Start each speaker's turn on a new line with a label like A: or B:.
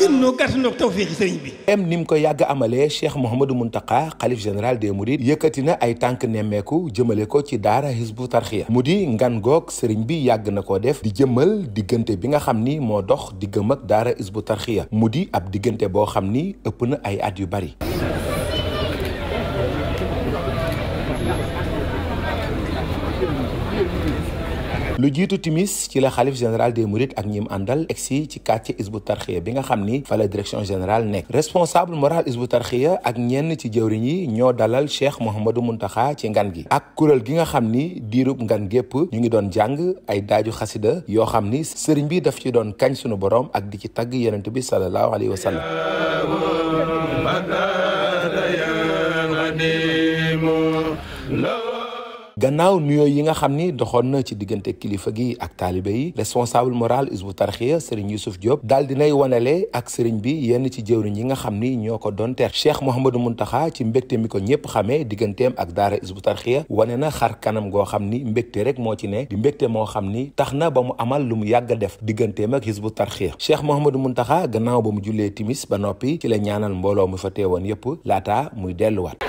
A: gënnoo gàttandoog tawféexi sëriñ bi m ni ko yàgg amalee cheikh mouhamadou muntaka xalif général des mourides yëkkati na ay tànk nemmeeku jëmale ko ci daara hisbu tarxiya mu di ngan goog sëriñ bi yàgg na ko def di jëmal diggante bi nga xam ni moo dox diggam ak daara hisbu tarxiya mu di ab diggante boo xam ni ëpp na ay at yu bari lu jiitu timis ci la xalif général des mourides ak ñim àndal egsi ci quartier isbu tarxiya bi nga xam ni fa la direction générale nekk responsable moral isbu tarxiya ak ñenn ci jëwriñ yi ñoo dalal cheikh mouhamadou muntaxa ci ngan gi ak kuréel gi nga xam ni diirub ngan gépp ñu ngi doon jàng ay daaju xasida yoo xam ni sëriñ bi daf ci doon kañ suñu boroom ak di ci tagg yonent bi sallallahu alayhi wa sallam la gannaaw nuyoo yi nga xam ni doxoon na ci diggante kilifa gi ak taalibe yi responsable moral Hizbut Tarqiyyah Serigne Youssouf Diop daal dinay wanale ak Serigne bi yenn ci jëwriñ yi nga xam ni ñoo ko doon teer Cheikh mun Mountakha ci mbégte mi ko ñëpp xamee digganteem ak daara Hizbut Tarqiyyah wane na xar kanam goo xam ni mbégte rek moo ci ne di mbégte moo xam ni tax na ba mu amal lu mu yàgg a def digganteem ak Hizbut Tarqiyyah Cheikh Mouhamadou Mountakha gannaaw ba mu jullee timis ba noppi ci la ñaanal mbooloo mu fa teewoon yëpp laata muy delluwaat